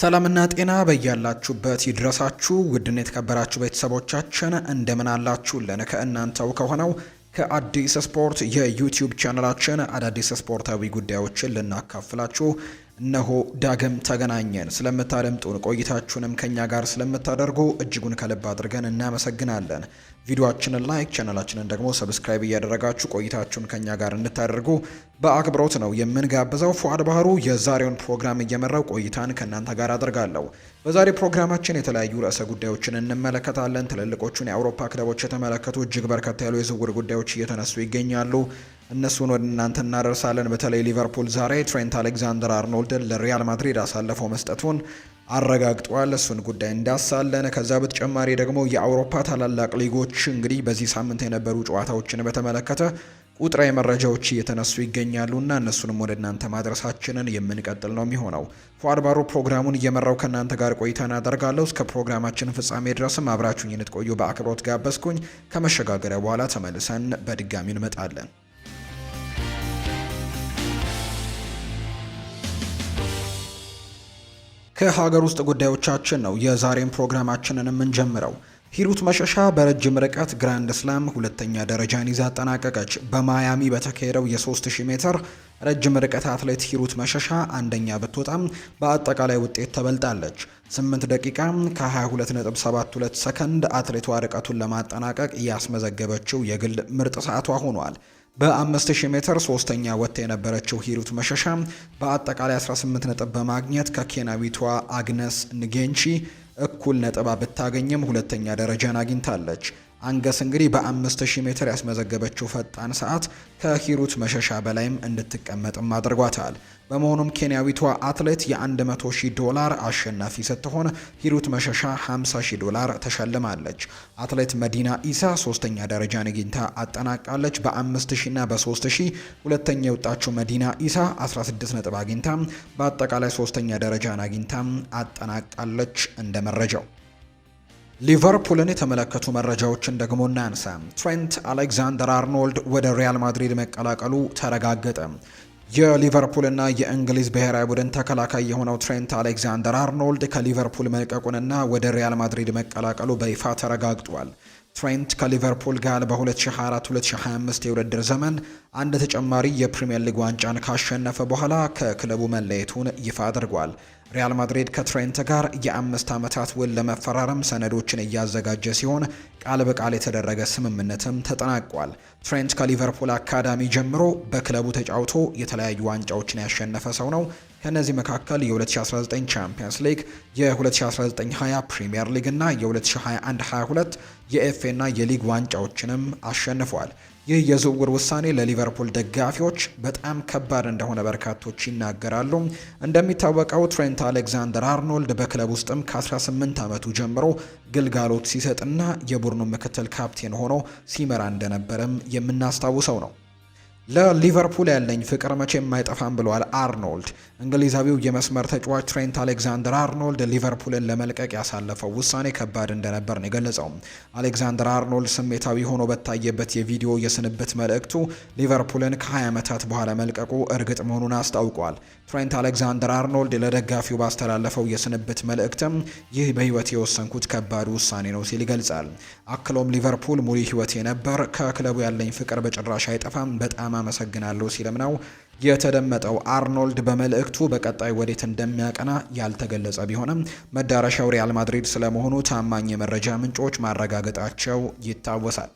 ሰላምና ጤና በያላችሁበት ይድረሳችሁ ውድን የተከበራችሁ ቤተሰቦቻችን እንደምን አላችሁልን? ከእናንተው ከሆነው ከአዲስ ስፖርት የዩቲዩብ ቻነላችን አዳዲስ ስፖርታዊ ጉዳዮችን ልናካፍላችሁ እነሆ ዳግም ተገናኘን። ስለምታደምጡን ቆይታችሁንም ከኛ ጋር ስለምታደርጉ እጅጉን ከልብ አድርገን እናመሰግናለን። ቪዲዮአችንን ላይክ ቻናላችንን ደግሞ ሰብስክራይብ እያደረጋችሁ ቆይታችሁን ከኛ ጋር እንታደርጉ በአክብሮት ነው የምንጋብዘው። ፉአድ ባህሩ የዛሬውን ፕሮግራም እየመራው ቆይታን ከእናንተ ጋር አድርጋለሁ። በዛሬ ፕሮግራማችን የተለያዩ ርዕሰ ጉዳዮችን እንመለከታለን። ትልልቆቹን የአውሮፓ ክለቦች የተመለከቱ እጅግ በርከት ያሉ የዝውውር ጉዳዮች እየተነሱ ይገኛሉ። እነሱን ወደ እናንተ እናደርሳለን። በተለይ ሊቨርፑል ዛሬ ትሬንት አሌክዛንደር አርኖልድን ለሪያል ማድሪድ አሳልፈው መስጠቱን አረጋግጧል። እሱን ጉዳይ እንዳሳለን። ከዛ በተጨማሪ ደግሞ የአውሮፓ ታላላቅ ሊጎች እንግዲህ በዚህ ሳምንት የነበሩ ጨዋታዎችን በተመለከተ ቁጥራዊ መረጃዎች እየተነሱ እና እነሱንም ወደ እናንተ ማድረሳችንን የምንቀጥል ነው የሚሆነው። ፏአድባሩ ፕሮግራሙን እየመራው ከእናንተ ጋር ቆይታ እናደርጋለሁ። እስከ ፕሮግራማችን ፍጻሜ ድረስም አብራችሁኝ እንድትቆዩ በአክብሮት ጋበዝኩኝ። ከመሸጋገሪያ በኋላ ተመልሰን በድጋሚ እንመጣለን። ከሀገር ውስጥ ጉዳዮቻችን ነው የዛሬን ፕሮግራማችንን የምንጀምረው። ሂሩት መሸሻ በረጅም ርቀት ግራንድ ስላም ሁለተኛ ደረጃን ይዛ አጠናቀቀች። በማያሚ በተካሄደው የ3000 ሜትር ረጅም ርቀት አትሌት ሂሩት መሸሻ አንደኛ ብትወጣም በአጠቃላይ ውጤት ተበልጣለች። 8 ደቂቃ ከ22.72 ሰከንድ አትሌቷ ርቀቱን ለማጠናቀቅ እያስመዘገበችው የግል ምርጥ ሰዓቷ ሆኗል። በ5000 ሜትር ሶስተኛ ወጥታ የነበረችው ሂሩት መሸሻ በአጠቃላይ 18 ነጥብ በማግኘት ከኬንያዊቷ አግነስ ንጌንቺ እኩል ነጥባ ብታገኝም ሁለተኛ ደረጃን አግኝታለች። አንገስ እንግዲህ በ5000 ሜትር ያስመዘገበችው ፈጣን ሰዓት ከሂሩት መሸሻ በላይም እንድትቀመጥም አድርጓታል። በመሆኑም ኬንያዊቷ አትሌት የ100000 ዶላር አሸናፊ ስትሆን ሂሩት መሸሻ 50000 ዶላር ተሸልማለች። አትሌት መዲና ኢሳ ሶስተኛ ደረጃን አግኝታ አጠናቃለች። በ5000 እና በ3000 ሁለተኛ የወጣችው መዲና ኢሳ 16 ነጥብ አግኝታ በአጠቃላይ ሶስተኛ ደረጃን አግኝታ አጠናቃለች እንደ መረጃው ሊቨርፑልን የተመለከቱ መረጃዎችን ደግሞ እናንሳ። ትሬንት አሌክዛንደር አርኖልድ ወደ ሪያል ማድሪድ መቀላቀሉ ተረጋገጠ። የሊቨርፑልና የእንግሊዝ ብሔራዊ ቡድን ተከላካይ የሆነው ትሬንት አሌክዛንደር አርኖልድ ከሊቨርፑል መልቀቁንና ወደ ሪያል ማድሪድ መቀላቀሉ በይፋ ተረጋግጧል። ትሬንት ከሊቨርፑል ጋር በ2024-2025 የውድድር ዘመን አንድ ተጨማሪ የፕሪምየር ሊግ ዋንጫን ካሸነፈ በኋላ ከክለቡ መለየቱን ይፋ አድርጓል። ሪያል ማድሪድ ከትሬንት ጋር የአምስት ዓመታት ውል ለመፈራረም ሰነዶችን እያዘጋጀ ሲሆን ቃል በቃል የተደረገ ስምምነትም ተጠናቋል። ትሬንት ከሊቨርፑል አካዳሚ ጀምሮ በክለቡ ተጫውቶ የተለያዩ ዋንጫዎችን ያሸነፈ ሰው ነው። ከእነዚህ መካከል የ2019 ቻምፒየንስ ሊግ፣ የ2019-20 ፕሪምየር ሊግ እና የ2021-22 የኤፍኤ እና የሊግ ዋንጫዎችንም አሸንፏል። ይህ የዝውውር ውሳኔ ለሊቨርፑል ደጋፊዎች በጣም ከባድ እንደሆነ በርካቶች ይናገራሉ። እንደሚታወቀው ትሬንት አሌክዛንደር አርኖልድ በክለብ ውስጥም ከ18 ዓመቱ ጀምሮ ግልጋሎት ሲሰጥና የቡድኑ ምክትል ካፕቴን ሆኖ ሲመራ እንደነበረም የምናስታውሰው ነው። ለሊቨርፑል ያለኝ ፍቅር መቼ የማይጠፋም ብሏል አርኖልድ። እንግሊዛዊው የመስመር ተጫዋች ትሬንት አሌክዛንደር አርኖልድ ሊቨርፑልን ለመልቀቅ ያሳለፈው ውሳኔ ከባድ እንደነበር ነው የገለጸው። አሌክዛንደር አርኖልድ ስሜታዊ ሆኖ በታየበት የቪዲዮ የስንብት መልእክቱ ሊቨርፑልን ከ20 ዓመታት በኋላ መልቀቁ እርግጥ መሆኑን አስታውቋል። ትሬንት አሌክዛንደር አርኖልድ ለደጋፊው ባስተላለፈው የስንብት መልእክትም ይህ በህይወት የወሰንኩት ከባድ ውሳኔ ነው ሲል ይገልጻል። አክሎም ሊቨርፑል ሙሉ ህይወቴ ነበር፣ ከክለቡ ያለኝ ፍቅር በጭራሽ አይጠፋም፣ በጣም አመሰግናለሁ ሲልም ነው የተደመጠው። አርኖልድ በመልእክቱ በቀጣይ ወዴት እንደሚያቀና ያልተገለጸ ቢሆንም መዳረሻው ሪያል ማድሪድ ስለመሆኑ ታማኝ የመረጃ ምንጮች ማረጋገጣቸው ይታወሳል።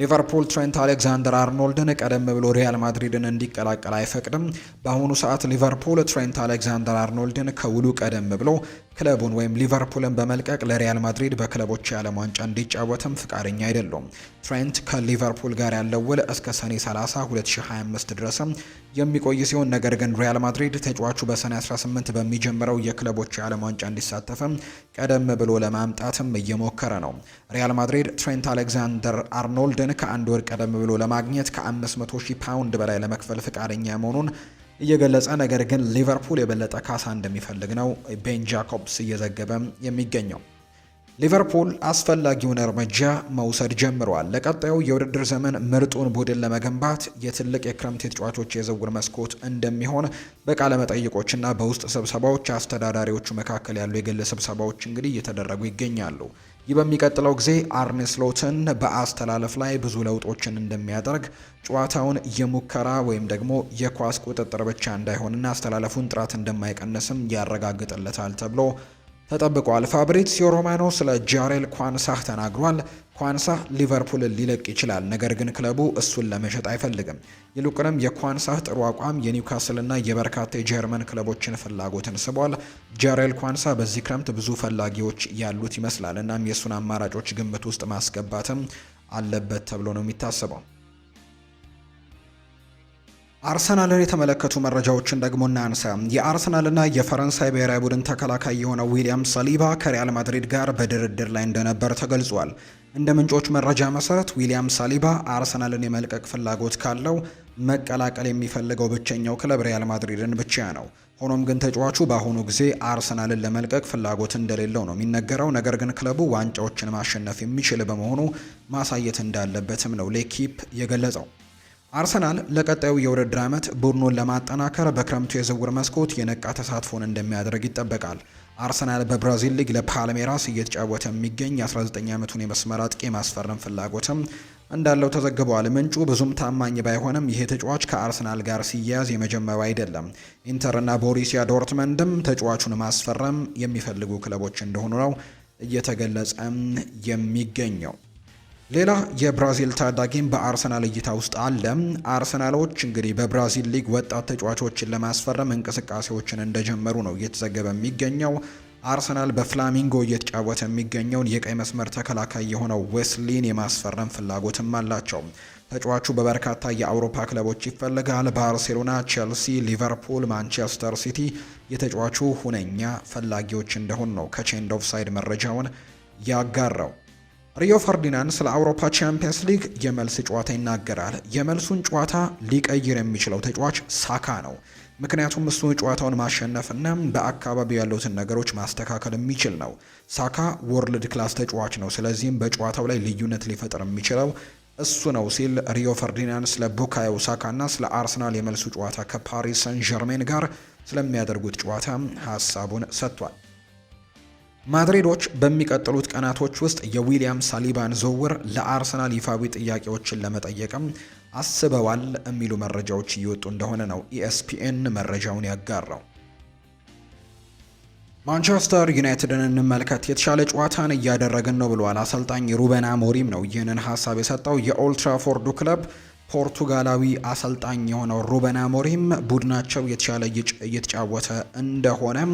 ሊቨርፑል ትሬንት አሌክዛንደር አርኖልድን ቀደም ብሎ ሪያል ማድሪድን እንዲቀላቀል አይፈቅድም። በአሁኑ ሰዓት ሊቨርፑል ትሬንት አሌክዛንደር አርኖልድን ከውሉ ቀደም ብሎ ክለቡን ወይም ሊቨርፑልን በመልቀቅ ለሪያል ማድሪድ በክለቦች የዓለም ዋንጫ እንዲጫወትም ፍቃደኛ አይደሉም። ትሬንት ከሊቨርፑል ጋር ያለው ውል እስከ ሰኔ 30 2025 ድረስም የሚቆይ ሲሆን ነገር ግን ሪያል ማድሪድ ተጫዋቹ በሰኔ 18 በሚጀምረው የክለቦች የዓለም ዋንጫ እንዲሳተፍም ቀደም ብሎ ለማምጣትም እየሞከረ ነው። ሪያል ማድሪድ ትሬንት አሌክዛንደር አርኖልድን ከአንድ ወር ቀደም ብሎ ለማግኘት ከ500 ሺህ ፓውንድ በላይ ለመክፈል ፍቃደኛ መሆኑን እየገለጸ ነገር ግን ሊቨርፑል የበለጠ ካሳ እንደሚፈልግ ነው ቤን ጃኮብስ እየዘገበም የሚገኘው። ሊቨርፑል አስፈላጊውን እርምጃ መውሰድ ጀምረዋል። ለቀጣዩ የውድድር ዘመን ምርጡን ቡድን ለመገንባት የትልቅ የክረምት የተጫዋቾች የዝውውር መስኮት እንደሚሆን በቃለ መጠይቆችና በውስጥ ስብሰባዎች አስተዳዳሪዎቹ መካከል ያሉ የግል ስብሰባዎች እንግዲህ እየተደረጉ ይገኛሉ። ይህ በሚቀጥለው ጊዜ አርኔስሎትን በአስተላለፍ ላይ ብዙ ለውጦችን እንደሚያደርግ ጨዋታውን የሙከራ ወይም ደግሞ የኳስ ቁጥጥር ብቻ እንዳይሆንና አስተላለፉን ጥራት እንደማይቀንስም ያረጋግጥለታል ተብሎ ተጠብቋል። ፋብሪሲዮ ሮማኖ ስለ ጃሬል ኳንሳህ ተናግሯል። ኳንሳህ ሊቨርፑልን ሊለቅ ይችላል፣ ነገር ግን ክለቡ እሱን ለመሸጥ አይፈልግም። ይልቁንም የኳንሳህ ጥሩ አቋም የኒውካስልና የበርካታ የጀርመን ክለቦችን ፍላጎትን ስቧል። ጃሬል ኳንሳ በዚህ ክረምት ብዙ ፈላጊዎች ያሉት ይመስላል። እናም የእሱን አማራጮች ግምት ውስጥ ማስገባትም አለበት ተብሎ ነው የሚታሰበው። አርሰናልን የተመለከቱ መረጃዎችን ደግሞ የአርሰናል የአርሰናልና የፈረንሳይ ብሔራዊ ቡድን ተከላካይ የሆነው ዊሊያም ሳሊባ ከሪያል ማድሪድ ጋር በድርድር ላይ እንደነበር ተገልጿል። እንደ ምንጮች መረጃ መሰረት ዊሊያም ሳሊባ አርሰናልን የመልቀቅ ፍላጎት ካለው መቀላቀል የሚፈልገው ብቸኛው ክለብ ሪያል ማድሪድን ብቻ ነው። ሆኖም ግን ተጫዋቹ በአሁኑ ጊዜ አርሰናልን ለመልቀቅ ፍላጎት እንደሌለው ነው የሚነገረው። ነገር ግን ክለቡ ዋንጫዎችን ማሸነፍ የሚችል በመሆኑ ማሳየት እንዳለበትም ነው ሌኪፕ የገለጸው። አርሰናል ለቀጣዩ የውድድር ዓመት ቡድኑን ለማጠናከር በክረምቱ የዝውውር መስኮት የነቃ ተሳትፎን እንደሚያደርግ ይጠበቃል። አርሰናል በብራዚል ሊግ ለፓልሜራስ እየተጫወተ የሚገኝ የ19 ዓመቱን የመስመር አጥቂ ማስፈረም ፍላጎትም እንዳለው ተዘግቧል። ምንጩ ብዙም ታማኝ ባይሆንም ይሄ ተጫዋች ከአርሰናል ጋር ሲያያዝ የመጀመሪያው አይደለም። ኢንተርና ቦሪሲያ ዶርትመንድም ተጫዋቹን ማስፈረም የሚፈልጉ ክለቦች እንደሆኑ ነው እየተገለጸ የሚገኘው። ሌላ የብራዚል ታዳጊም በአርሰናል እይታ ውስጥ አለ። አርሰናሎች እንግዲህ በብራዚል ሊግ ወጣት ተጫዋቾችን ለማስፈረም እንቅስቃሴዎችን እንደጀመሩ ነው እየተዘገበ የሚገኘው። አርሰናል በፍላሚንጎ እየተጫወተ የሚገኘውን የቀይ መስመር ተከላካይ የሆነው ዌስሊን የማስፈረም ፍላጎትም አላቸው። ተጫዋቹ በበርካታ የአውሮፓ ክለቦች ይፈልጋል። ባርሴሎና፣ ቼልሲ፣ ሊቨርፑል፣ ማንቸስተር ሲቲ የተጫዋቹ ሁነኛ ፈላጊዎች እንደሆኑ ነው ከቼንድ ኦፍ ሳይድ መረጃውን ያጋራው። ሪዮ ፈርዲናንድ ስለ አውሮፓ ቻምፒየንስ ሊግ የመልስ ጨዋታ ይናገራል። የመልሱን ጨዋታ ሊቀይር የሚችለው ተጫዋች ሳካ ነው። ምክንያቱም እሱ ጨዋታውን ማሸነፍና በአካባቢው ያሉትን ነገሮች ማስተካከል የሚችል ነው። ሳካ ወርልድ ክላስ ተጫዋች ነው። ስለዚህም በጨዋታው ላይ ልዩነት ሊፈጥር የሚችለው እሱ ነው ሲል ሪዮ ፈርዲናንድ ስለ ቡካዮ ሳካና ስለ አርሰናል የመልሱ ጨዋታ ከፓሪስ ሰን ጀርሜን ጋር ስለሚያደርጉት ጨዋታ ሀሳቡን ሰጥቷል። ማድሪዶች በሚቀጥሉት ቀናቶች ውስጥ የዊሊያም ሳሊባን ዝውውር ለአርሰናል ይፋዊ ጥያቄዎችን ለመጠየቅም አስበዋል የሚሉ መረጃዎች እየወጡ እንደሆነ ነው ኢኤስፒኤን e መረጃውን ያጋራው። ማንቸስተር ዩናይትድን እንመልከት። የተሻለ ጨዋታን እያደረግን ነው ብለዋል አሰልጣኝ ሩበን አሞሪም ነው ይህንን ሀሳብ የሰጠው። የኦልትራፎርዱ ክለብ ፖርቱጋላዊ አሰልጣኝ የሆነው ሩበን አሞሪም ቡድናቸው የተሻለ እየተጫወተ እንደሆነም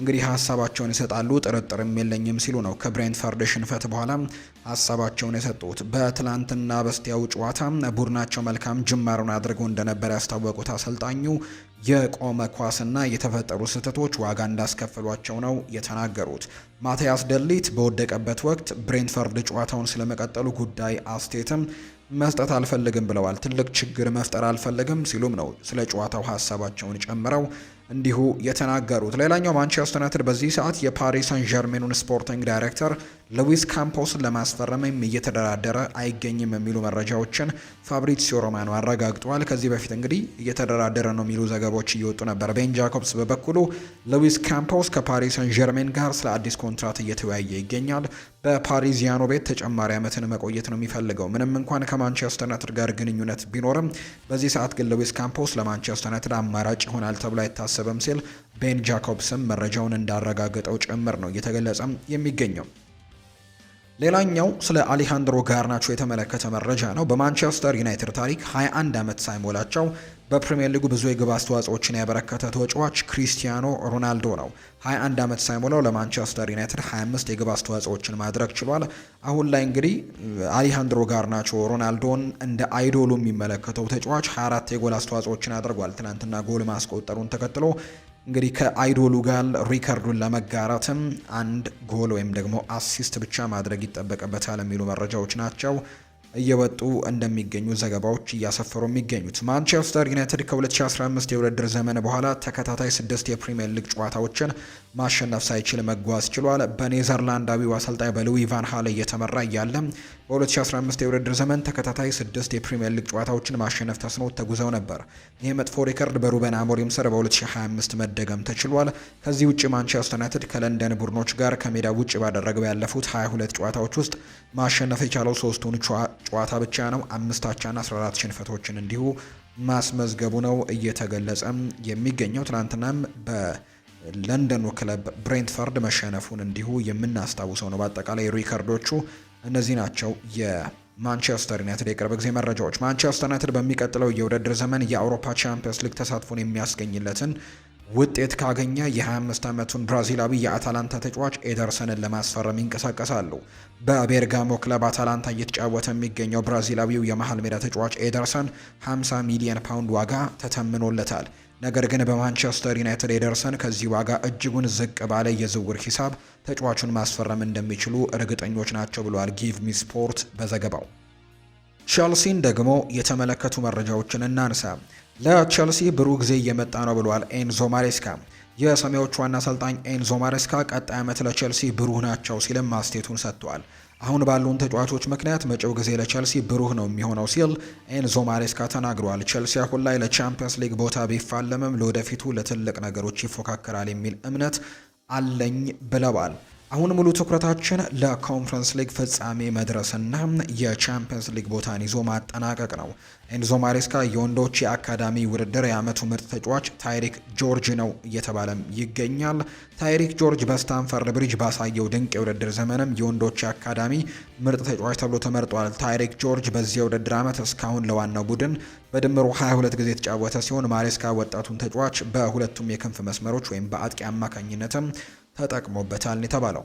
እንግዲህ ሀሳባቸውን ይሰጣሉ፣ ጥርጥርም የለኝም ሲሉ ነው ከብሬንትፈርድ ሽንፈት በኋላ ሀሳባቸውን የሰጡት። በትላንትና በስቲያው ጨዋታ ቡድናቸው መልካም ጅማሩን አድርገው እንደነበር ያስታወቁት አሰልጣኙ የቆመ ኳስና የተፈጠሩ ስህተቶች ዋጋ እንዳስከፍሏቸው ነው የተናገሩት። ማቲያስ ደሊት በወደቀበት ወቅት ብሬንትፈርድ ጨዋታውን ስለመቀጠሉ ጉዳይ አስቴትም መስጠት አልፈልግም ብለዋል። ትልቅ ችግር መፍጠር አልፈልግም ሲሉም ነው ስለ ጨዋታው ሀሳባቸውን ጨምረው እንዲሁ የተናገሩት። ሌላኛው ማንቸስተር ዩናይትድ በዚህ ሰዓት የፓሪስ ሳን ዠርሜኑን ስፖርቲንግ ዳይሬክተር ሉዊስ ካምፖስን ለማስፈረምም እየተደራደረ አይገኝም የሚሉ መረጃዎችን ፋብሪሲዮ ሮማኖ አረጋግጧል። ከዚህ በፊት እንግዲህ እየተደራደረ ነው የሚሉ ዘገባዎች እየወጡ ነበር። ቤን ጃኮብስ በበኩሉ ሉዊስ ካምፖስ ከፓሪስ ሳን ዠርሜን ጋር ስለ አዲስ ኮንትራት እየተወያየ ይገኛል። በፓሪዚያኖ ቤት ተጨማሪ ዓመትን መቆየት ነው የሚፈልገው። ምንም እንኳን ከማንቸስተር ዩናይትድ ጋር ግንኙነት ቢኖርም በዚህ ሰዓት ግን ሉዊስ ካምፖስ ለማንቸስተር ዩናይትድ አማራጭ ይሆናል ተብሎ አይታሰብም። አልታሰበም ሲል ቤን ጃኮብስም መረጃውን እንዳረጋገጠው ጭምር ነው እየተገለጸም የሚገኘው። ሌላኛው ስለ አሊሃንድሮ ጋርናቾ የተመለከተ መረጃ ነው። በማንቸስተር ዩናይትድ ታሪክ 21 ዓመት ሳይሞላቸው በፕሪምየር ሊጉ ብዙ የግብ አስተዋጽኦችን ያበረከተ ተጫዋች ክሪስቲያኖ ሮናልዶ ነው። 21 ዓመት ሳይሞላው ለማንቸስተር ዩናይትድ 25 የግብ አስተዋጽኦችን ማድረግ ችሏል። አሁን ላይ እንግዲህ አሊሃንድሮ ጋርናቾ ሮናልዶን እንደ አይዶሉ የሚመለከተው ተጫዋች 24 የጎል አስተዋጽኦችን አድርጓል። ትናንትና ጎል ማስቆጠሩን ተከትሎ እንግዲህ ከአይዶሉ ጋር ሪከርዱን ለመጋራትም አንድ ጎል ወይም ደግሞ አሲስት ብቻ ማድረግ ይጠበቅበታል የሚሉ መረጃዎች ናቸው እየወጡ እንደሚገኙ ዘገባዎች እያሰፈሩ የሚገኙት ማንቸስተር ዩናይትድ ከ2015 የውድድር ዘመን በኋላ ተከታታይ ስድስት የፕሪምየር ሊግ ጨዋታዎችን ማሸነፍ ሳይችል መጓዝ ችሏል። በኔዘርላንዳዊው አሰልጣኝ በሉዊ ቫን ሃለ እየተመራ እያለ በ2015 የውድድር ዘመን ተከታታይ ስድስት የፕሪምየር ሊግ ጨዋታዎችን ማሸነፍ ተስኖት ተጉዘው ነበር። ይህ መጥፎ ሪከርድ በሩበን አሞሪም ስር በ2025 መደገም ተችሏል። ከዚህ ውጭ ማንቸስተር ዩናይትድ ከለንደን ቡድኖች ጋር ከሜዳ ውጭ ባደረገው ያለፉት 22 ጨዋታዎች ውስጥ ማሸነፍ የቻለው ሶስቱን ጨዋታ ብቻ ነው አምስት አቻና 14 ሽንፈቶችን እንዲሁ ማስመዝገቡ ነው እየተገለጸ የሚገኘው። ትናንትናም በለንደኑ ክለብ ብሬንትፈርድ መሸነፉን እንዲሁ የምናስታውሰው ነው። በአጠቃላይ ሪከርዶቹ እነዚህ ናቸው። ማንቸስተር ዩናይትድ የቅርብ ጊዜ መረጃዎች። ማንቸስተር ዩናይትድ በሚቀጥለው የውድድር ዘመን የአውሮፓ ቻምፒየንስ ሊግ ተሳትፎን የሚያስገኝለትን ውጤት ካገኘ የ25 ዓመቱን ብራዚላዊ የአታላንታ ተጫዋች ኤደርሰንን ለማስፈረም ይንቀሳቀሳሉ። በቤርጋሞ ክለብ አታላንታ እየተጫወተ የሚገኘው ብራዚላዊው የመሀል ሜዳ ተጫዋች ኤደርሰን 50 ሚሊዮን ፓውንድ ዋጋ ተተምኖለታል። ነገር ግን በማንቸስተር ዩናይትድ ኤደርሰን ከዚህ ዋጋ እጅጉን ዝቅ ባለ የዝውውር ሂሳብ ተጫዋቹን ማስፈረም እንደሚችሉ እርግጠኞች ናቸው ብለዋል ጊቭ ሚ ስፖርት በዘገባው። ቼልሲን ደግሞ የተመለከቱ መረጃዎችን እናንሳ። ለቸልሲ ብሩህ ጊዜ እየመጣ ነው ብለዋል ኤንዞ ማሬስካ። የሰማያዊዎቹ ዋና አሰልጣኝ ኤንዞ ማሬስካ ቀጣይ ዓመት ለቸልሲ ብሩህ ናቸው ሲልም አስቴቱን ሰጥተዋል። አሁን ባሉን ተጫዋቾች ምክንያት መጪው ጊዜ ለቸልሲ ብሩህ ነው የሚሆነው ሲል ኤንዞ ማሬስካ ተናግሯል። ቸልሲ አሁን ላይ ለቻምፒየንስ ሊግ ቦታ ቢፋለምም ለወደፊቱ ለትልቅ ነገሮች ይፎካከራል የሚል እምነት አለኝ ብለዋል። አሁን ሙሉ ትኩረታችን ለኮንፈረንስ ሊግ ፍጻሜ መድረስና የቻምፒየንስ ሊግ ቦታን ይዞ ማጠናቀቅ ነው። ኤንዞ ማሬስካ የወንዶች የአካዳሚ ውድድር የዓመቱ ምርጥ ተጫዋች ታይሪክ ጆርጅ ነው እየተባለም ይገኛል። ታይሪክ ጆርጅ በስታንፈርድ ብሪጅ ባሳየው ድንቅ የውድድር ዘመንም የወንዶች የአካዳሚ ምርጥ ተጫዋች ተብሎ ተመርጧል። ታይሪክ ጆርጅ በዚህ የውድድር ዓመት እስካሁን ለዋናው ቡድን በድምሩ 22 ጊዜ የተጫወተ ሲሆን ማሬስካ ወጣቱን ተጫዋች በሁለቱም የክንፍ መስመሮች ወይም በአጥቂ አማካኝነትም ተጠቅሞበታል የተባለው።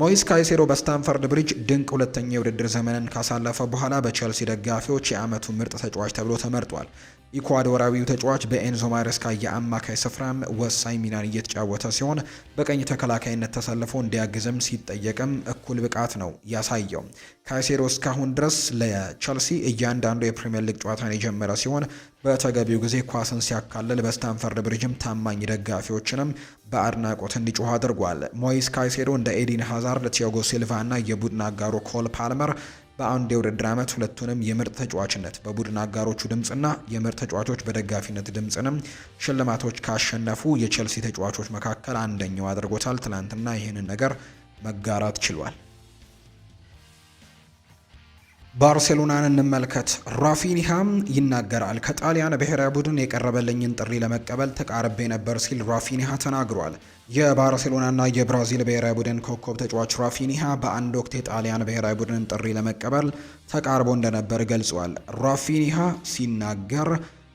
ሞይስ ካይሴሮ በስታንፈርድ ብሪጅ ድንቅ ሁለተኛ የውድድር ዘመንን ካሳለፈ በኋላ በቸልሲ ደጋፊዎች የዓመቱ ምርጥ ተጫዋች ተብሎ ተመርጧል። ኢኳዶራዊው ተጫዋች በኤንዞ ማሬስካ የአማካይ ስፍራም ወሳኝ ሚናን እየተጫወተ ሲሆን በቀኝ ተከላካይነት ተሰልፎ እንዲያግዝም ሲጠየቅም እኩል ብቃት ነው ያሳየው። ካይሴዶ እስካሁን ድረስ ለቸልሲ እያንዳንዱ የፕሪምየር ሊግ ጨዋታን የጀመረ ሲሆን በተገቢው ጊዜ ኳስን ሲያካልል በስታንፈርድ ብሪጅም ታማኝ ደጋፊዎችንም በአድናቆት እንዲጮህ አድርጓል። ሞይስ ካይሴዶ እንደ ኤዲን ሃዛርድ፣ ቲያጎ ሲልቫ እና የቡድን አጋሩ ኮል ፓልመር በአንድ የውድድር ዓመት ሁለቱንም የምርጥ ተጫዋችነት በቡድን አጋሮቹ ድምፅና የምርጥ ተጫዋቾች በደጋፊነት ድምፅንም ሽልማቶች ካሸነፉ የቼልሲ ተጫዋቾች መካከል አንደኛው አድርጎታል። ትናንትና ይህንን ነገር መጋራት ችሏል። ባርሴሎናን እንመልከት። ራፊኒሃም ይናገራል። ከጣሊያን ብሔራዊ ቡድን የቀረበልኝን ጥሪ ለመቀበል ተቃርቤ ነበር ሲል ራፊኒሃ ተናግሯል። የባርሴሎናና የብራዚል ብሔራዊ ቡድን ኮከብ ተጫዋች ራፊኒሃ በአንድ ወቅት የጣሊያን ብሔራዊ ቡድንን ጥሪ ለመቀበል ተቃርቦ እንደነበር ገልጿል። ራፊኒሃ ሲናገር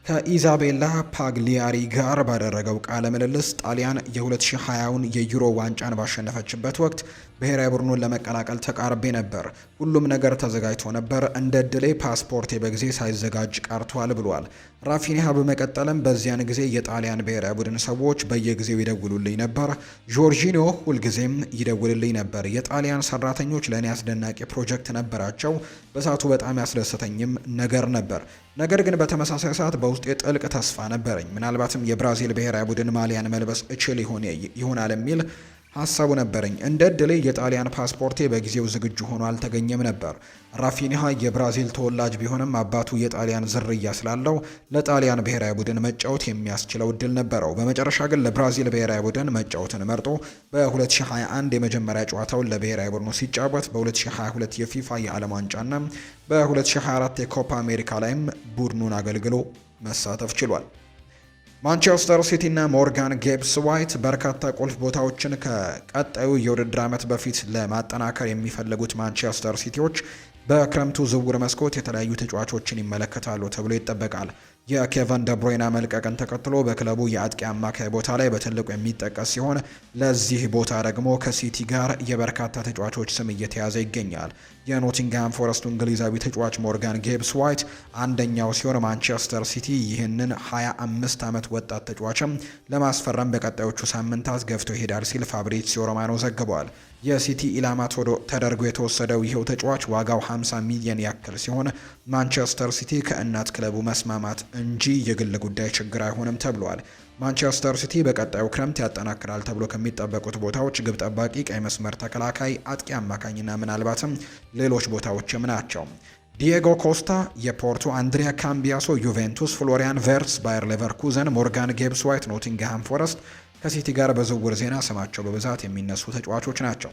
ከኢዛቤላ ፓግሊያሪ ጋር ባደረገው ቃለ ምልልስ ጣሊያን የ2020ውን የዩሮ ዋንጫን ባሸነፈችበት ወቅት ብሔራዊ ቡድኑን ለመቀላቀል ተቃርቤ ነበር። ሁሉም ነገር ተዘጋጅቶ ነበር። እንደ ድሌ ፓስፖርቴ በጊዜ ሳይዘጋጅ ቀርቷል ብሏል ራፊኒሃ። በመቀጠልም በዚያን ጊዜ የጣሊያን ብሔራዊ ቡድን ሰዎች በየጊዜው ይደውሉልኝ ነበር። ጆርጂኒዮ ሁልጊዜም ይደውልልኝ ነበር። የጣሊያን ሰራተኞች ለእኔ አስደናቂ ፕሮጀክት ነበራቸው። በሰዓቱ በጣም ያስደሰተኝም ነገር ነበር። ነገር ግን በተመሳሳይ ሰዓት በውስጤ ጥልቅ ተስፋ ነበረኝ። ምናልባትም የብራዚል ብሔራዊ ቡድን ማሊያን መልበስ እችል ይሆናል የሚል ሀሳቡ ነበረኝ። እንደ እድሌ የጣሊያን ፓስፖርቴ በጊዜው ዝግጁ ሆኖ አልተገኘም ነበር። ራፊኒሃ የብራዚል ተወላጅ ቢሆንም አባቱ የጣሊያን ዝርያ ስላለው ለጣሊያን ብሔራዊ ቡድን መጫወት የሚያስችለው እድል ነበረው። በመጨረሻ ግን ለብራዚል ብሔራዊ ቡድን መጫወትን መርጦ በ2021 የመጀመሪያ ጨዋታውን ለብሔራዊ ቡድኑ ሲጫወት በ2022 የፊፋ የዓለም ዋንጫና በ2024 የኮፓ አሜሪካ ላይም ቡድኑን አገልግሎ መሳተፍ ችሏል። ማንቸስተር ሲቲ እና ሞርጋን ጌብስ ዋይት በርካታ ቁልፍ ቦታዎችን ከቀጣዩ የውድድር ዓመት በፊት ለማጠናከር የሚፈልጉት ማንቸስተር ሲቲዎች በክረምቱ ዝውውር መስኮት የተለያዩ ተጫዋቾችን ይመለከታሉ ተብሎ ይጠበቃል። የኬቨን ደብሮይና መልቀቅን ተከትሎ በክለቡ የአጥቂ አማካይ ቦታ ላይ በትልቁ የሚጠቀስ ሲሆን ለዚህ ቦታ ደግሞ ከሲቲ ጋር የበርካታ ተጫዋቾች ስም እየተያዘ ይገኛል። የኖቲንግሃም ፎረስቱ እንግሊዛዊ ተጫዋች ሞርጋን ጌብስ ዋይት አንደኛው ሲሆን ማንቸስተር ሲቲ ይህንን 25 ዓመት ወጣት ተጫዋችም ለማስፈረም በቀጣዮቹ ሳምንታት ገፍቶ ይሄዳል ሲል ፋብሪዚዮ ሮማኖ ዘግቧል። የሲቲ ኢላማ ተደርጎ የተወሰደው ይኸው ተጫዋች ዋጋው 50 ሚሊዮን ያክል ሲሆን ማንቸስተር ሲቲ ከእናት ክለቡ መስማማት እንጂ የግል ጉዳይ ችግር አይሆንም ተብሏል። ማንቸስተር ሲቲ በቀጣዩ ክረምት ያጠናክራል ተብሎ ከሚጠበቁት ቦታዎች ግብ ጠባቂ፣ ቀይ መስመር ተከላካይ፣ አጥቂ፣ አማካኝና ምናልባትም ሌሎች ቦታዎችም ናቸው። ዲየጎ ኮስታ የፖርቶ፣ አንድሪያ ካምቢያሶ ዩቬንቱስ፣ ፍሎሪያን ቨርትስ ባየር ሌቨርኩዘን፣ ሞርጋን ጌብስ ዋይት ኖቲንግሃም ፎረስት ከሲቲ ጋር በዝውውር ዜና ስማቸው በብዛት የሚነሱ ተጫዋቾች ናቸው።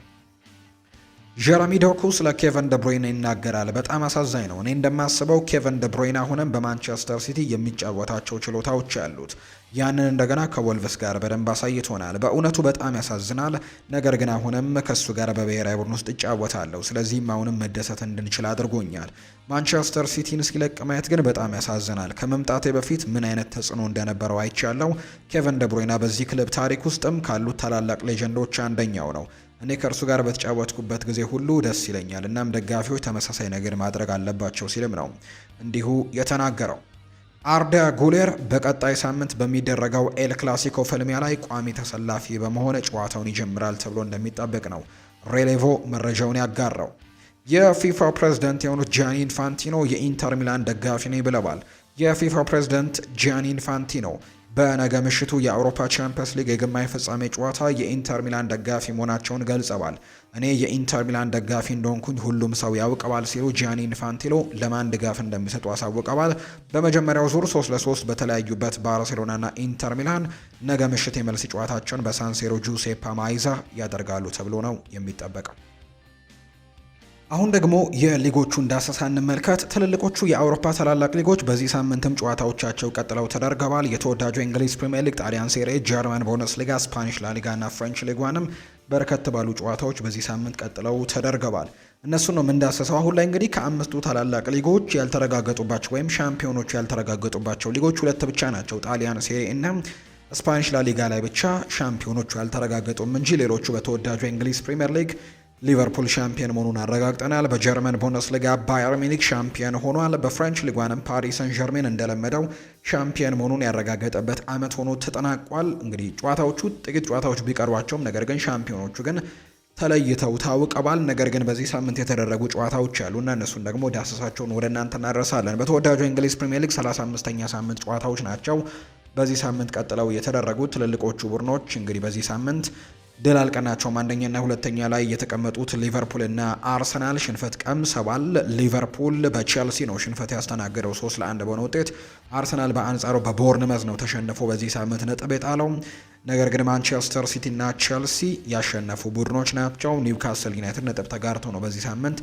ጀረሚ ዶኩ ስለ ኬቨን ደብሮይን ይናገራል። በጣም አሳዛኝ ነው። እኔ እንደማስበው ኬቨን ደብሮይን አሁንም በማንቸስተር ሲቲ የሚጫወታቸው ችሎታዎች ያሉት ያንን እንደገና ከወልቭስ ጋር በደንብ አሳይቶናል። በእውነቱ በጣም ያሳዝናል። ነገር ግን አሁንም ከእሱ ጋር በብሔራዊ ቡድን ውስጥ እጫወታለሁ። ስለዚህም አሁንም መደሰት እንድንችል አድርጎኛል። ማንቸስተር ሲቲን እስኪለቅ ማየት ግን በጣም ያሳዝናል። ከመምጣቴ በፊት ምን አይነት ተጽዕኖ እንደነበረው አይቻለው። ኬቨን ደብሮይና በዚህ ክለብ ታሪክ ውስጥም ካሉት ታላላቅ ሌጀንዶች አንደኛው ነው። እኔ ከእርሱ ጋር በተጫወትኩበት ጊዜ ሁሉ ደስ ይለኛል። እናም ደጋፊዎች ተመሳሳይ ነገር ማድረግ አለባቸው ሲልም ነው እንዲሁ የተናገረው። አርዳ ጉሌር በቀጣይ ሳምንት በሚደረገው ኤል ክላሲኮ ፍልሚያ ላይ ቋሚ ተሰላፊ በመሆን ጨዋታውን ይጀምራል ተብሎ እንደሚጠበቅ ነው ሬሌቮ መረጃውን ያጋራው። የፊፋ ፕሬዝደንት የሆኑት ጃኒ ኢንፋንቲኖ የኢንተር ሚላን ደጋፊ ነኝ ብለዋል። የፊፋ ፕሬዝደንት ጃኒ ኢንፋንቲኖ በነገ ምሽቱ የአውሮፓ ቻምፒየንስ ሊግ የግማሽ ፍጻሜ ጨዋታ የኢንተር ሚላን ደጋፊ መሆናቸውን ገልጸዋል። እኔ የኢንተር ሚላን ደጋፊ እንደሆንኩኝ ሁሉም ሰው ያውቀዋል ሲሉ ጂያኒ ኢንፋንቲሎ ለማን ድጋፍ እንደሚሰጡ አሳውቀዋል። በመጀመሪያው ዙር 3 ለ3 በተለያዩበት ባርሴሎናና ኢንተር ሚላን ነገ ምሽት የመልስ ጨዋታቸውን በሳንሴሮ ጁሴፓ ማይዛ ያደርጋሉ ተብሎ ነው የሚጠበቀው። አሁን ደግሞ የሊጎቹን ዳሰሳ እንመልከት። ትልልቆቹ የአውሮፓ ታላላቅ ሊጎች በዚህ ሳምንትም ጨዋታዎቻቸው ቀጥለው ተደርገዋል። የተወዳጁ እንግሊዝ ፕሪምየር ሊግ፣ ጣሊያን ሴሬ፣ ጀርመን ቦነስ ሊጋ፣ ስፓኒሽ ላሊጋ ና ፍሬንች ሊጓንም በርከት ባሉ ጨዋታዎች በዚህ ሳምንት ቀጥለው ተደርገዋል። እነሱ ነው የምንዳሰሰው። አሁን ላይ እንግዲህ ከአምስቱ ታላላቅ ሊጎች ያልተረጋገጡባቸው ወይም ሻምፒዮኖቹ ያልተረጋገጡባቸው ሊጎች ሁለት ብቻ ናቸው። ጣሊያን ሴሬ እና ስፓኒሽ ላሊጋ ላይ ብቻ ሻምፒዮኖቹ ያልተረጋገጡም እንጂ ሌሎቹ በተወዳጁ እንግሊዝ ፕሪምየር ሊግ ሊቨርፑል ሻምፒዮን መሆኑን አረጋግጠናል። በጀርመን ቡንደስሊጋ ባየር ሚኒክ ሻምፒዮን ሆኗል። በፍሬንች ሊጓንም ፓሪስ ሰን ዠርሜን እንደለመደው ሻምፒዮን መሆኑን ያረጋገጠበት ዓመት ሆኖ ተጠናቋል። እንግዲህ ጨዋታዎቹ ጥቂት ጨዋታዎች ቢቀርቧቸውም ነገር ግን ሻምፒዮኖቹ ግን ተለይተው ታውቀዋል። ነገር ግን በዚህ ሳምንት የተደረጉ ጨዋታዎች እና እነሱን ደግሞ ዳሰሳቸውን ወደ እናንተ እናደርሳለን። በተወዳጁ እንግሊዝ ፕሪምየር ሊግ 35ኛ ሳምንት ጨዋታዎች ናቸው በዚህ ሳምንት ቀጥለው የተደረጉ ትልልቆቹ ቡድኖች እንግዲህ በዚህ ሳምንት ድል አልቀናቸውም። አንደኛና ሁለተኛ ላይ የተቀመጡት ሊቨርፑልና አርሰናል ሽንፈት ቀምሰዋል። ሊቨርፑል በቼልሲ ነው ሽንፈት ያስተናገደው ሶስት ለአንድ በሆነ ውጤት። አርሰናል በአንጻሩ በቦርንመዝ ነው ተሸንፎ በዚህ ሳምንት ነጥብ የጣለው። ነገር ግን ማንቸስተር ሲቲና ቼልሲ ያሸነፉ ቡድኖች ናቸው። ኒውካስል ዩናይትድ ነጥብ ተጋርተው ነው በዚህ ሳምንት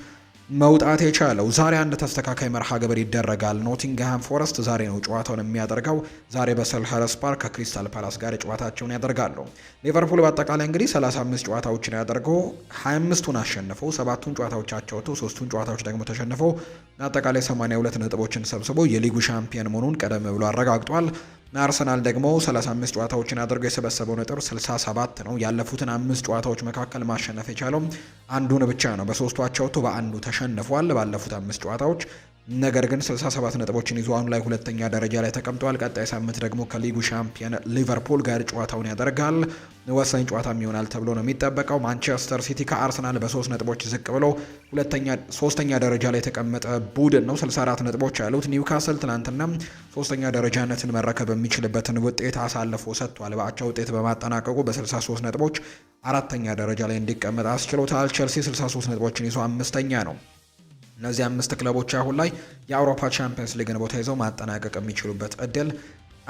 መውጣት የቻለው። ዛሬ አንድ ተስተካካይ መርሃ ግብር ይደረጋል። ኖቲንግሃም ፎረስት ዛሬ ነው ጨዋታውን የሚያደርገው። ዛሬ በሴልኸርስት ፓርክ ከክሪስታል ፓላስ ጋር ጨዋታቸውን ያደርጋሉ። ሊቨርፑል በአጠቃላይ እንግዲህ 35 ጨዋታዎችን ያደርገው 25ቱን አሸንፈው ሰባቱን ጨዋታዎች አቻ ሶስቱን ጨዋታዎች ደግሞ ተሸንፈው አጠቃላይ 82 ነጥቦችን ሰብስበው የሊጉ ሻምፒዮን መሆኑን ቀደም ብሎ አረጋግጧል። አርሰናል ደግሞ 35 ጨዋታዎችን አድርጎ የሰበሰበው ነጥብ 67 ነው። ያለፉትን አምስት ጨዋታዎች መካከል ማሸነፍ የቻለው አንዱን ብቻ ነው። በሶስቱ አቻ ወጥቶ በአንዱ ተሸንፏል። ባለፉት አምስት ጨዋታዎች ነገር ግን 67 ነጥቦችን ይዞ አሁን ላይ ሁለተኛ ደረጃ ላይ ተቀምጧል። ቀጣይ ሳምንት ደግሞ ከሊጉ ሻምፒየን ሊቨርፑል ጋር ጨዋታውን ያደርጋል። ወሳኝ ጨዋታም ይሆናል ተብሎ ነው የሚጠበቀው። ማንቸስተር ሲቲ ከአርሰናል በሶስት ነጥቦች ዝቅ ብሎ ሁለተኛ ሶስተኛ ደረጃ ላይ የተቀመጠ ቡድን ነው። 64 ነጥቦች ያሉት ኒውካስል ትናንትና ሶስተኛ ደረጃነትን መረከብ የሚችልበትን ውጤት አሳልፎ ሰጥቷል። በአቻ ውጤት በማጠናቀቁ በ63 ነጥቦች አራተኛ ደረጃ ላይ እንዲቀመጥ አስችሎታል። ቸልሲ 63 ነጥቦችን ይዞ አምስተኛ ነው። እነዚህ አምስት ክለቦች አሁን ላይ የአውሮፓ ቻምፒየንስ ሊግን ቦታ ይዘው ማጠናቀቅ የሚችሉበት እድል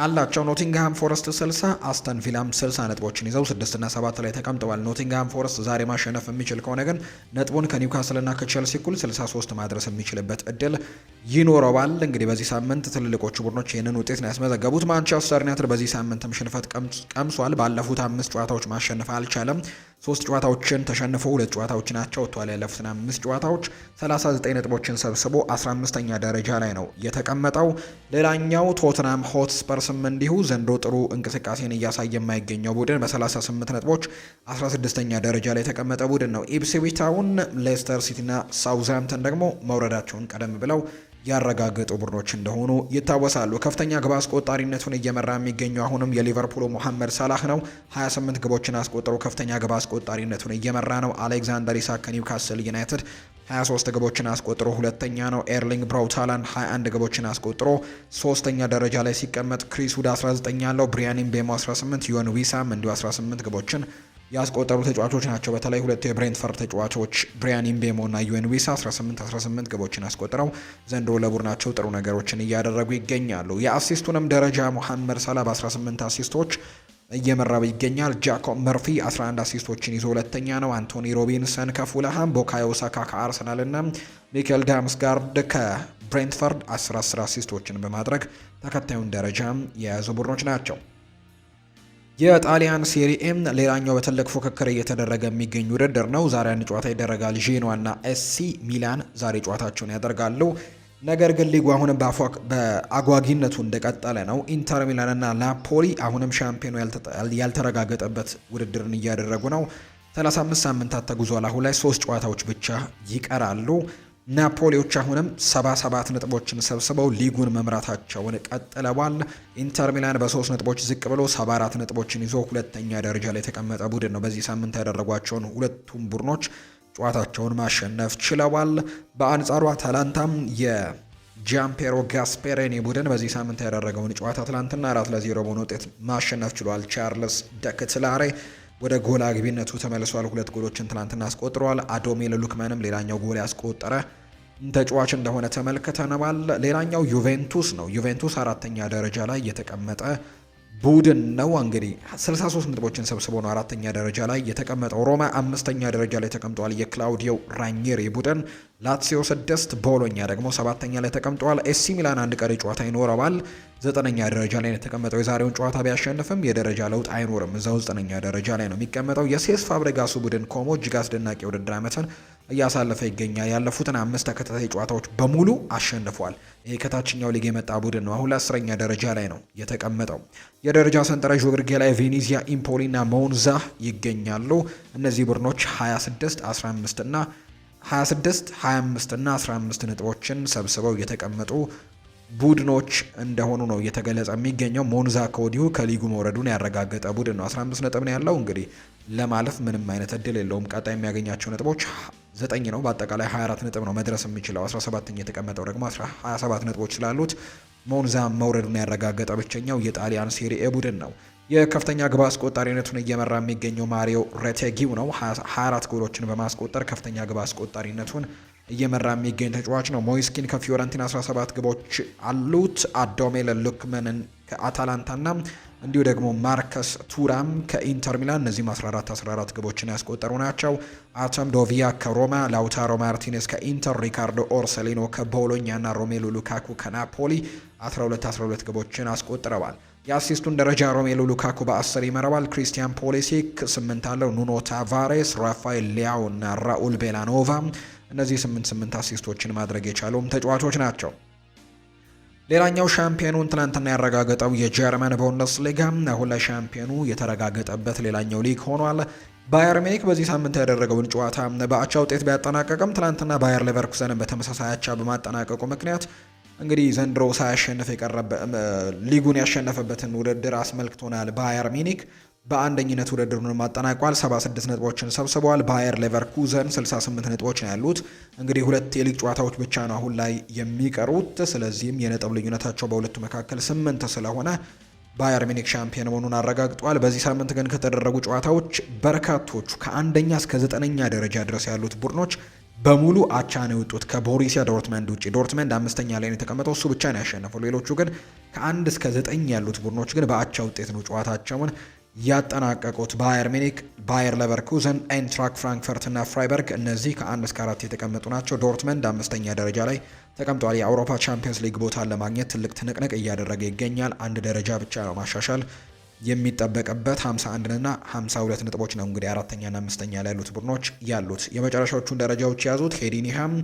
አላቸው። ኖቲንግሃም ፎረስት 60 አስተን ቪላም 60 ነጥቦችን ይዘው 6 እና 7 ላይ ተቀምጠዋል። ኖቲንግሃም ፎረስት ዛሬ ማሸነፍ የሚችል ከሆነ ግን ነጥቡን ከኒውካስል እና ከቼልሲ እኩል 63 ማድረስ የሚችልበት እድል ይኖረዋል። እንግዲህ በዚህ ሳምንት ትልልቆቹ ቡድኖች ይህንን ውጤት ነው ያስመዘገቡት። ማንቸስተር ዩናይትድ በዚህ ሳምንትም ሽንፈት ቀምሷል። ባለፉት አምስት ጨዋታዎች ማሸነፍ አልቻለም። ሶስት ጨዋታዎችን ተሸንፎ ሁለት ጨዋታዎችን አቻ ወጥቷል። ያለፉትን አምስት ጨዋታዎች 39 ነጥቦችን ሰብስቦ 15ኛ ደረጃ ላይ ነው የተቀመጠው። ሌላኛው ቶትናም ሆትስፐርስም እንዲሁ ዘንድሮ ጥሩ እንቅስቃሴን እያሳየ የማይገኘው ቡድን በ38 ነጥቦች 16ኛ ደረጃ ላይ የተቀመጠ ቡድን ነው። ኢፕስዊች ታውን፣ ሌስተር ሲቲና ሳውዝሃምተን ደግሞ መውረዳቸውን ቀደም ብለው ያረጋገጡ ቡድኖች እንደሆኑ ይታወሳሉ። ከፍተኛ ግብ አስቆጣሪነቱን እየመራ የሚገኘው አሁንም የሊቨርፑሉ መሐመድ ሳላህ ነው። 28 ግቦችን አስቆጥሮ ከፍተኛ ግብ አስቆጣሪነቱን እየመራ ነው። አሌክዛንደር ኢሳክ ከኒውካስል ዩናይትድ 23 ግቦችን አስቆጥሮ ሁለተኛ ነው። ኤርሊንግ ብራውት 21 ግቦችን አስቆጥሮ ሶስተኛ ደረጃ ላይ ሲቀመጥ፣ ክሪስ ውድ 19 ያለው፣ ብሪያን ምቤሞ 18፣ ዮን ዊሳም እንዲሁ 18 ግቦችን ያስቆጠሩ ተጫዋቾች ናቸው። በተለይ ሁለቱ የብሬንትፈርድ ተጫዋቾች ብሪያን ኢምቤሞ እና ዩኤን ዊሳ 18 18 ግቦችን አስቆጥረው ዘንድሮ ለቡድናቸው ጥሩ ነገሮችን እያደረጉ ይገኛሉ። የአሲስቱንም ደረጃ ሞሐመድ ሰላ በ18 አሲስቶች እየመራው ይገኛል። ጃኮብ መርፊ 11 አሲስቶችን ይዞ ሁለተኛ ነው። አንቶኒ ሮቢንሰን ከፉልሃም፣ ቦካዮ ሳካ ከአርሰናል እና ሚኬል ዳምስጋርድ ከብሬንትፈርድ 10 10 አሲስቶችን በማድረግ ተከታዩን ደረጃ የያዙ ቡድኖች ናቸው። የጣሊያን ሴሪኤም ሌላኛው በትልቅ ፉክክር እየተደረገ የሚገኝ ውድድር ነው። ዛሬ አንድ ጨዋታ ይደረጋል። ዤኗ ና ኤሲ ሚላን ዛሬ ጨዋታቸውን ያደርጋሉ። ነገር ግን ሊጉ አሁንም በአጓጊነቱ እንደቀጠለ ነው። ኢንተር ሚላን ና ናፖሊ አሁንም ሻምፒዮኑ ያልተረጋገጠበት ውድድርን እያደረጉ ነው። 35 ሳምንታት ተጉዟል። አሁን ላይ ሶስት ጨዋታዎች ብቻ ይቀራሉ። ናፖሊዎች አሁንም 77 ነጥቦችን ሰብስበው ሊጉን መምራታቸውን ቀጥለዋል። ኢንተር ሚላን በ3 ነጥቦች ዝቅ ብሎ 74 ነጥቦችን ይዞ ሁለተኛ ደረጃ ላይ የተቀመጠ ቡድን ነው። በዚህ ሳምንት ያደረጓቸውን ሁለቱም ቡድኖች ጨዋታቸውን ማሸነፍ ችለዋል። በአንጻሩ አታላንታም የጃምፔሮ ጋስፔሬኒ ቡድን በዚህ ሳምንት ያደረገውን ጨዋታ ትላንትና አራት ለዜሮ በሆነ ውጤት ማሸነፍ ችሏል። ቻርልስ ደክትላሬ ወደ ጎል አግቢነቱ ተመልሷል። ሁለት ጎሎችን ትናንትና አስቆጥሯል። አዶሜል ሉክማንም ሌላኛው ጎል ያስቆጠረ ተጫዋች እንደሆነ ተመልክተነዋል። ሌላኛው ዩቬንቱስ ነው። ዩቬንቱስ አራተኛ ደረጃ ላይ የተቀመጠ ቡድን ነው። እንግዲህ 63 ነጥቦችን ሰብስቦ ነው አራተኛ ደረጃ ላይ የተቀመጠው። ሮማ አምስተኛ ደረጃ ላይ ተቀምጧል። የክላውዲዮ ራኒሪ ቡድን ላትሲዮ ስድስት፣ ቦሎኛ ደግሞ ሰባተኛ ላይ ተቀምጠዋል። ኤሲ ሚላን አንድ ቀሪ ጨዋታ ይኖረዋል። ዘጠነኛ ደረጃ ላይ የተቀመጠው የዛሬውን ጨዋታ ቢያሸንፍም የደረጃ ለውጥ አይኖርም። እዛው ዘጠነኛ ደረጃ ላይ ነው የሚቀመጠው። የሴስ ፋብሬጋሱ ቡድን ኮሞ እጅግ አስደናቂ ውድድር ዓመትን እያሳለፈ ይገኛል። ያለፉትን አምስት ተከታታይ ጨዋታዎች በሙሉ አሸንፏል። ይህ ከታችኛው ሊግ የመጣ ቡድን ነው። አሁን ለአስረኛ ደረጃ ላይ ነው የተቀመጠው። የደረጃ ሰንጠረዥ ግርጌ ላይ ቬኔዚያ፣ ኢምፖሊ ና ሞንዛ ይገኛሉ። እነዚህ ቡድኖች 26 15 ና 26 25 15 ነጥቦችን ሰብስበው የተቀመጡ ቡድኖች እንደሆኑ ነው እየተገለጸ የሚገኘው። ሞንዛ ከወዲሁ ከሊጉ መውረዱን ያረጋገጠ ቡድን ነው። 15 ነጥብ ነው ያለው እንግዲህ ለማለፍ ምንም አይነት እድል የለውም። ቀጣይ የሚያገኛቸው ነጥቦች ዘጠኝ ነው። በአጠቃላይ 24 ነጥብ ነው መድረስ የሚችለው። 17ኛ የተቀመጠው ደግሞ 27 ነጥቦች ስላሉት ሞንዛ መውረዱን ያረጋገጠ ብቸኛው የጣሊያን ሴሪኤ ቡድን ነው። የከፍተኛ ግብ አስቆጣሪነቱን እየመራ የሚገኘው ማሪዮ ሬቴጊው ነው። 24 ጎሎችን በማስቆጠር ከፍተኛ ግብ አስቆጣሪነቱን እየመራ የሚገኝ ተጫዋች ነው። ሞይስኪን ከፊዮረንቲና 17 ግቦች አሉት። አዶሜለ ሉክመንን ከአታላንታና እንዲሁ ደግሞ ማርከስ ቱራም ከኢንተር ሚላን እነዚህም 14 14 ግቦችን ያስቆጠሩ ናቸው። አተም ዶቪያ ከሮማ፣ ላውታሮ ማርቲኔስ ከኢንተር፣ ሪካርዶ ኦርሰሊኖ ከቦሎኛ ና ሮሜሉ ሉካኩ ከናፖሊ 12 12 ግቦችን አስቆጥረዋል። የአሲስቱን ደረጃ ሮሜሉ ሉካኩ በአስር ይመረዋል። ክሪስቲያን ፖሊሲክ ስምንት አለው። ኑኖ ታቫሬስ፣ ራፋኤል ሊያው ና ራኡል ቤላኖቫ እነዚህ ስምንት ስምንት አሲስቶችን ማድረግ የቻሉም ተጫዋቾች ናቸው። ሌላኛው ሻምፒዮኑን ትናንትና ያረጋገጠው የጀርመን ቡንደስሊጋ አሁን ላይ ሻምፒዮኑ የተረጋገጠበት ሌላኛው ሊግ ሆኗል። ባየር ሚኒክ በዚህ ሳምንት ያደረገውን ጨዋታ በአቻ ውጤት ቢያጠናቀቅም ትናንትና ባየር ሌቨርኩዘንን በተመሳሳይ አቻ በማጠናቀቁ ምክንያት እንግዲህ ዘንድሮ ሳያሸንፍ የቀረበ ሊጉን ያሸነፈበትን ውድድር አስመልክቶናል ባየር ሚኒክ በአንደኝነት ውድድሩን ማጠናቋል። 76 ነጥቦችን ሰብስበዋል። ባየር ሌቨርኩዘን 68 ነጥቦች ነው ያሉት። እንግዲህ ሁለት የሊግ ጨዋታዎች ብቻ ነው አሁን ላይ የሚቀሩት። ስለዚህም የነጥብ ልዩነታቸው በሁለቱ መካከል ስምንት ስለሆነ ባየር ሚኒክ ሻምፒዮን መሆኑን አረጋግጧል። በዚህ ሳምንት ግን ከተደረጉ ጨዋታዎች በርካቶቹ ከአንደኛ እስከ ዘጠነኛ ደረጃ ድረስ ያሉት ቡድኖች በሙሉ አቻ ነው የወጡት ከቦሪሲያ ዶርትመንድ ውጭ። ዶርትመንድ አምስተኛ ላይ ነው የተቀመጠው፣ እሱ ብቻ ነው ያሸነፈው። ሌሎቹ ግን ከአንድ እስከ ዘጠኝ ያሉት ቡድኖች ግን በአቻ ውጤት ነው ጨዋታቸውን ያጠናቀቁት ባየር ሚኒክ፣ ባየር ለቨርኩዘን፣ ኤንትራክ ፍራንክፈርት እና ፍራይበርግ እነዚህ ከአንድ እስከ አራት የተቀመጡ ናቸው። ዶርትመንድ አምስተኛ ደረጃ ላይ ተቀምጧል። የአውሮፓ ቻምፒየንስ ሊግ ቦታን ለማግኘት ትልቅ ትንቅንቅ እያደረገ ይገኛል። አንድ ደረጃ ብቻ ነው ማሻሻል የሚጠበቅበት 51 እና 52 ነጥቦች ነው። እንግዲህ አራተኛና አምስተኛ ላይ ያሉት ቡድኖች ያሉት የመጨረሻዎቹን ደረጃዎች የያዙት ሄዲኒሃም፣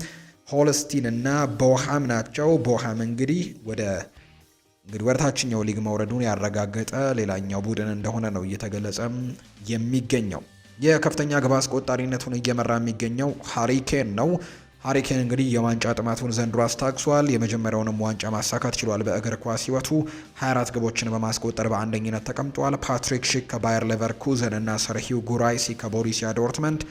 ሆልስቲን እና ቦሃም ናቸው። ቦሃም እንግዲህ ወደ እንግዲህ ወደ ታችኛው ሊግ መውረዱን ያረጋገጠ ሌላኛው ቡድን እንደሆነ ነው እየተገለጸ የሚገኘው። የከፍተኛ ግብ አስቆጣሪነቱን እየመራ የሚገኘው ሃሪኬን ነው። ሃሪኬን እንግዲህ የዋንጫ ጥማቱን ዘንድሮ አስታግሷል። የመጀመሪያውንም ዋንጫ ማሳካት ችሏል። በእግር ኳስ ሕይወቱ 24 ግቦችን በማስቆጠር በአንደኝነት ተቀምጧል። ፓትሪክ ሺክ ከባየር ሌቨርኩዘን እና ሰርሂው ጉራይሲ ከቦሪሲያ ዶርትመንድ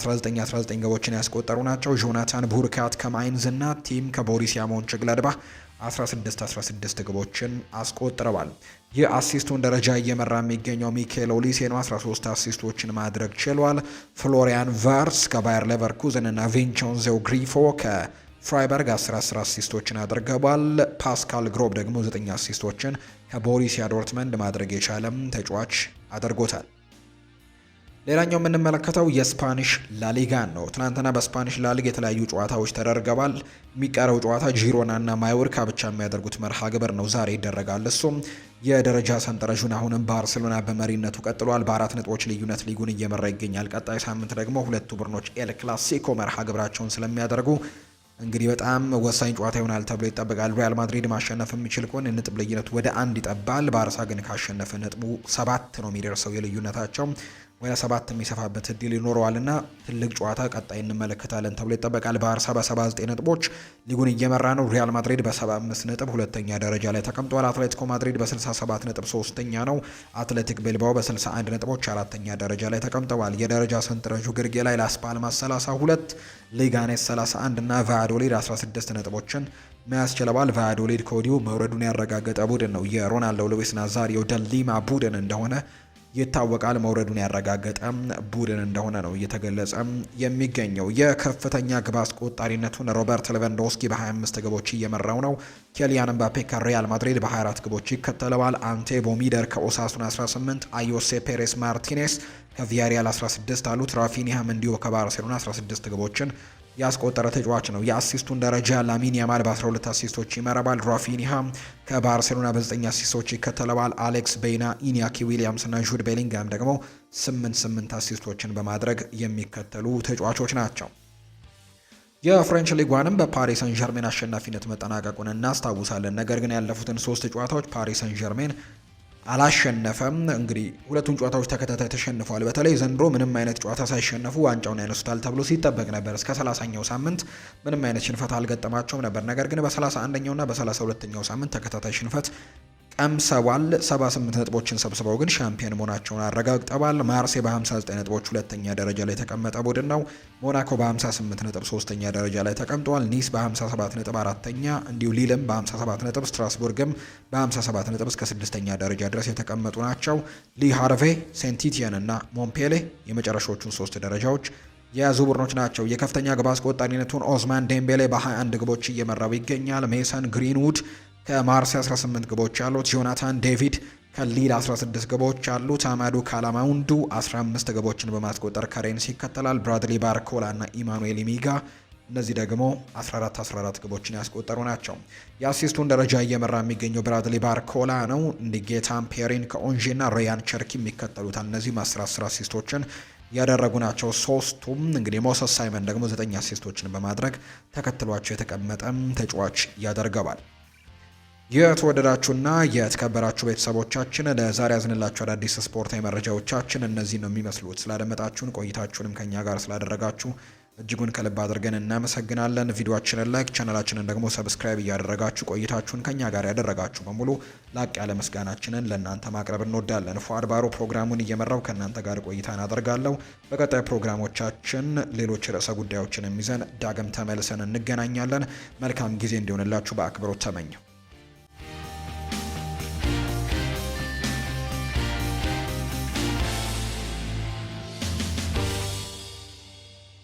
1919 ግቦችን ያስቆጠሩ ናቸው። ጆናታን ቡርካት ከማይንዝ እና ቲም ከቦሪሲያ ሞንችግላድባህ 16 16 ግቦችን አስቆጥረዋል። የአሲስቱን ደረጃ እየመራ የሚገኘው ሚካኤል ኦሊሴኖ 13 አሲስቶችን ማድረግ ችሏል። ፍሎሪያን ቫርስ ከባየር ሌቨርኩዘን እና ቪንቸንዞ ግሪፎ ከፍራይበርግ 11 አሲስቶችን አድርገዋል። ፓስካል ግሮብ ደግሞ 9 አሲስቶችን ከቦሪሲያ ዶርትመንድ ማድረግ የቻለም ተጫዋች አድርጎታል። ሌላኛው የምንመለከተው የስፓኒሽ ላሊጋን ነው። ትናንትና በስፓኒሽ ላሊግ የተለያዩ ጨዋታዎች ተደርገዋል። የሚቀረው ጨዋታ ጂሮና እና ማዮርካ ብቻ የሚያደርጉት መርሃ ግብር ነው፣ ዛሬ ይደረጋል። እሱም የደረጃ ሰንጠረዡን አሁንም ባርሴሎና በመሪነቱ ቀጥሏል። በአራት ነጥቦች ልዩነት ሊጉን እየመራ ይገኛል። ቀጣይ ሳምንት ደግሞ ሁለቱ ቡድኖች ኤል ክላሲኮ መርሃ ግብራቸውን ስለሚያደርጉ እንግዲህ በጣም ወሳኝ ጨዋታ ይሆናል ተብሎ ይጠበቃል። ሪያል ማድሪድ ማሸነፍ የሚችል ከሆነ ነጥብ ልዩነቱ ወደ አንድ ይጠባል። ባርሳ ግን ካሸነፈ ነጥቡ ሰባት ነው የሚደርሰው የልዩነታቸው። ወደ ሰባት የሚሰፋበት እድል ይኖረዋልና ትልቅ ጨዋታ ቀጣይ እንመለከታለን ተብሎ ይጠበቃል። ባርሳ በ79 ነጥቦች ሊጉን እየመራ ነው። ሪያል ማድሪድ በ75 ነጥብ ሁለተኛ ደረጃ ላይ ተቀምጧል። አትሌቲኮ ማድሪድ በ67 ነጥብ ሶስተኛ ነው። አትሌቲክ ቤልባው በ61 ነጥቦች አራተኛ ደረጃ ላይ ተቀምጠዋል። የደረጃ ሰንጠረዡ ግርጌ ላይ ላስ 32፣ ሊጋኔስ 31 እና ቫያዶሊድ 16 ነጥቦችን መያዝ ችለዋል። ቫያዶሊድ ከወዲሁ መውረዱን ያረጋገጠ ቡድን ነው። የሮናልዶ ሉዊስ ናዛሪዮ ደሊማ ቡድን እንደሆነ ይታወቃል። መውረዱን ያረጋገጠ ቡድን እንደሆነ ነው እየተገለጸ የሚገኘው። የከፍተኛ ግብ አስቆጣሪነቱን ሮበርት ሌቫንዶስኪ በ25 ግቦች እየመራው ነው። ኬሊያን ምባፔ ከሪያል ማድሪድ በ24 ግቦች ይከተለዋል። አንቴ ቦሚደር ከኦሳሱን 18፣ አዮሴ ፔሬስ ማርቲኔስ ከቪያሪያል 16 አሉት። ራፊኒያም እንዲሁ ከባርሴሎና 16 ግቦችን ያስቆጠረ ተጫዋች ነው። የአሲስቱን ደረጃ ላሚን ያማል በ12 አሲስቶች ይመረባል። ራፊኒሃ ከባርሴሎና በ9 አሲስቶች ይከተለዋል። አሌክስ ቤና፣ ኢኒያኪ ዊሊያምስ እና ጁድ ቤሊንጋም ደግሞ 8 8 አሲስቶችን በማድረግ የሚከተሉ ተጫዋቾች ናቸው። የፍሬንች ሊጓንም በፓሪስ ሰን ዠርሜን አሸናፊነት መጠናቀቁን እናስታውሳለን። ነገር ግን ያለፉትን ሶስት ጨዋታዎች ፓሪስ ሰን ዠርሜን አላሸነፈም። እንግዲህ ሁለቱን ጨዋታዎች ተከታታይ ተሸንፏል። በተለይ ዘንድሮ ምንም አይነት ጨዋታ ሳይሸነፉ ዋንጫውን ያነሱታል ተብሎ ሲጠበቅ ነበር። እስከ 30ኛው ሳምንት ምንም አይነት ሽንፈት አልገጠማቸውም ነበር። ነገር ግን በ31ኛውና በ32ኛው ሳምንት ተከታታይ ሽንፈት ቀምሰዋል። 78 ነጥቦችን ሰብስበው ግን ሻምፒዮን መሆናቸውን አረጋግጠዋል። ማርሴ በ59 ነጥቦች ሁለተኛ ደረጃ ላይ የተቀመጠ ቡድን ነው። ሞናኮ በ58 ነጥብ ሶስተኛ ደረጃ ላይ ተቀምጠዋል። ኒስ በ57 ነጥብ አራተኛ፣ እንዲሁ ሊልም በ57 ነጥብ፣ ስትራስቡርግም በ57 ነጥብ እስከ ስድስተኛ ደረጃ ድረስ የተቀመጡ ናቸው። ሊ ሃርቬ፣ ሴንቲቲየን እና ሞምፔሌ የመጨረሻዎቹን ሶስት ደረጃዎች የያዙ ቡድኖች ናቸው። የከፍተኛ ግብ አስቆጣሪነቱን ኦዝማን ዴምቤሌ በ21 ግቦች እየመራው ይገኛል። ሜሰን ግሪንውድ ከማርሴ 18 ግቦች አሉት ዮናታን ዴቪድ ከሊል 16 ግቦች አሉት። አማዱ ካላማውንዱ 15 ግቦችን በማስቆጠር ከሬንስ ይከተላል። ብራድሊ ባርኮላ እና ኢማኑኤል ሚጋ እነዚህ ደግሞ 14 14 ግቦችን ያስቆጠሩ ናቸው። የአሲስቱን ደረጃ እየመራ የሚገኘው ብራድሊ ባርኮላ ነው። እንዲጌታም ፔሪን ከኦንዤና ሪያን ቸርኪ የሚከተሉታል። እነዚህም 11 አሲስቶችን ያደረጉ ናቸው። ሶስቱም እንግዲህ ሞሰስ ሳይመን ደግሞ 9 አሲስቶችን በማድረግ ተከትሏቸው የተቀመጠም ተጫዋች ያደርገዋል። የተወደዳችሁና የተከበራችሁ ቤተሰቦቻችን ለዛሬ ያዝንላችሁ አዳዲስ ስፖርታዊ መረጃዎቻችን እነዚህ ነው የሚመስሉት። ስላደመጣችሁን ቆይታችሁንም ከኛ ጋር ስላደረጋችሁ እጅጉን ከልብ አድርገን እናመሰግናለን። ቪዲዮችንን ላይክ፣ ቻናላችንን ደግሞ ሰብስክራይብ እያደረጋችሁ ቆይታችሁን ከኛ ጋር ያደረጋችሁ በሙሉ ላቅ ያለ ምስጋናችንን ለእናንተ ማቅረብ እንወዳለን። ፏድ ባሮ ፕሮግራሙን እየመራው ከእናንተ ጋር ቆይታን አደርጋለሁ። በቀጣይ ፕሮግራሞቻችን ሌሎች ርዕሰ ጉዳዮችንም ይዘን ዳግም ተመልሰን እንገናኛለን። መልካም ጊዜ እንዲሆንላችሁ በአክብሮት ተመኘው።